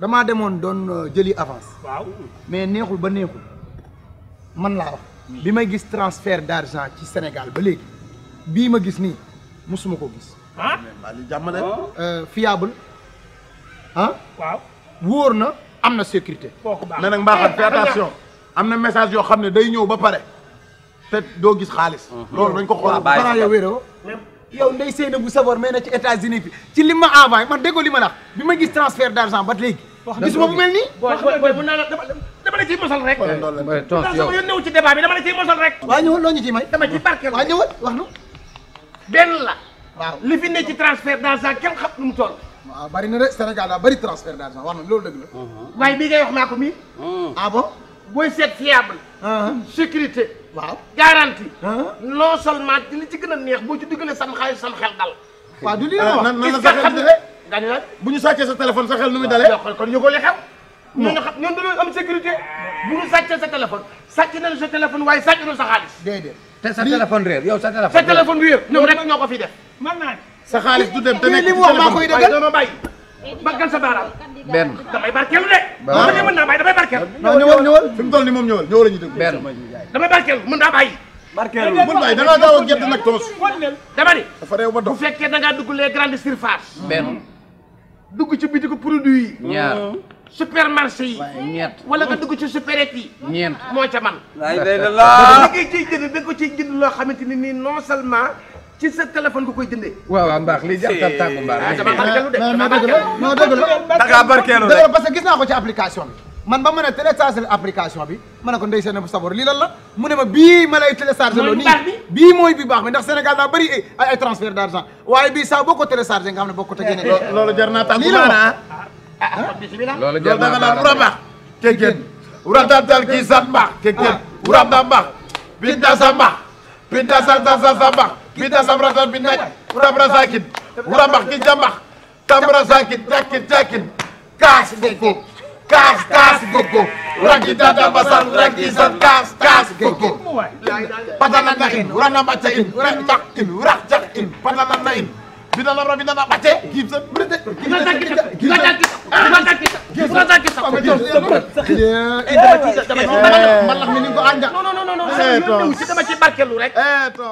damaa demone doon euh, jeli avance. waaw mais neexul ba neexul man la wax. Hmm. bima gis transfert d'argent, ci Sénégal ba léegi bii gis ni musuma ko gis. ah li jàmm oh. euh, fiable ah. waaw worna amna sécurité. nan ak na fais eh, attention amna message yo xam ne day ñew ba paré te do gis xaliss mhm. loolu dañ ko xoolal balaa ya wéro yow ndey Seydou bu savoir mais na ci États-Unis bi ci lima ma man déggoo li ma gis transfert d'argent, ba léegi. wax gisuma bu mel nii. booy booy bu naan dama dama la ciy mosal rek. mooy toog yow sama yoon newu ci débat bi dama la ciy mosal rek. waa ñëwal loo ñu ciy may. dama ci barkeel waa ñëwal wax nu. benn la. waaw li fi ne ci transfert d'argent kenn xam nu mu toll. waaw bari na de Sénégal daa bari transfert d'argent wax na loolu dëgg la. Mhm. waaye bii ngay wax maa ko mii. Mhm. ah bon. booy seet fiable. Uh-huh. sécurité. waaw garantie. Uh-huh. non seulement li ci gën a neex boo ci dugalee sam xaalis sam xel dal. waaw du lii la euh, wax nan nan la sa xel nga bu ñu sàccee sa téléphone sa xel nu muy dalee kon ñu ko li xew ñooñu xam ñoom dañoo ñu sàccee sa téléphone sàcc nañu sa téléphone waaye sàcc nañu sa xaalis déedéet te sa téléphone réer sa téléphone sa téléphone réer ñoom rek ñoo ko fi def mën naa sa xaalis du dem te nekk li mu wax maa koy dëggal dama bàyyi baggal sa baaraam benn damay barkeelu de ma ne mën naa bàyyi damay barkeelu ñëwal ñëwal fi mu ni moom ñëwal ñëwal la ñu dégg benn damay barkeelu mën naa bàyyi barkeelu mën bàyyi da ngaa dafa bu fekkee da ngaa dugg les grandes dugg ci bitiku produit ñaar supermarché yi. ñeent wala nga dugg ci supérette yi. mo moo ca man. la ilaha illallah. li ngay ciy jënd da ko ciy jënd lo xamanteni ni non seulement ci sa téléphone nga koy jëndé waaw waaw mbax li jax ta mbaax. Ah, dama barkeelu dama barkeelu. non dëgg la non dëgg la. da ngaa barkeelu de parce que gis na ko ci application man ba ma ne téléchargé application bi ma ne ko ndey seen sabor lii lan la mu ne ma bii ma lay téléchargé loo nii bii mooy bi baax bi ndax Sénégal daa bëri ay ay transfert d'argent waaye bii saa boo ko téléchargé nga xam ne boo ko tegee eh, ne loolu jar naa tànku maanaa ah, ah, ah, loolu jar naa tànku wura mbaax ke géen wura dantal kii san mbaax da mbaax binda sa mbaax binda sa sa sa sa mbaax binda sam ratan bi naaj wura bra sakin wura mbaax ki ja mbaax tambra sakin jakkin kas kas gogo rangi dada basar rangi san kas kas gogo padana na in urana baca in uran cak in urak cak in padana na in bina labra bina na baca gibsa brede gina tak kita gina tak kita gina tak kita gina tak kita eh dama ci dama ci malax mi ni ko anda non non non non ci dama ci barkelu rek eh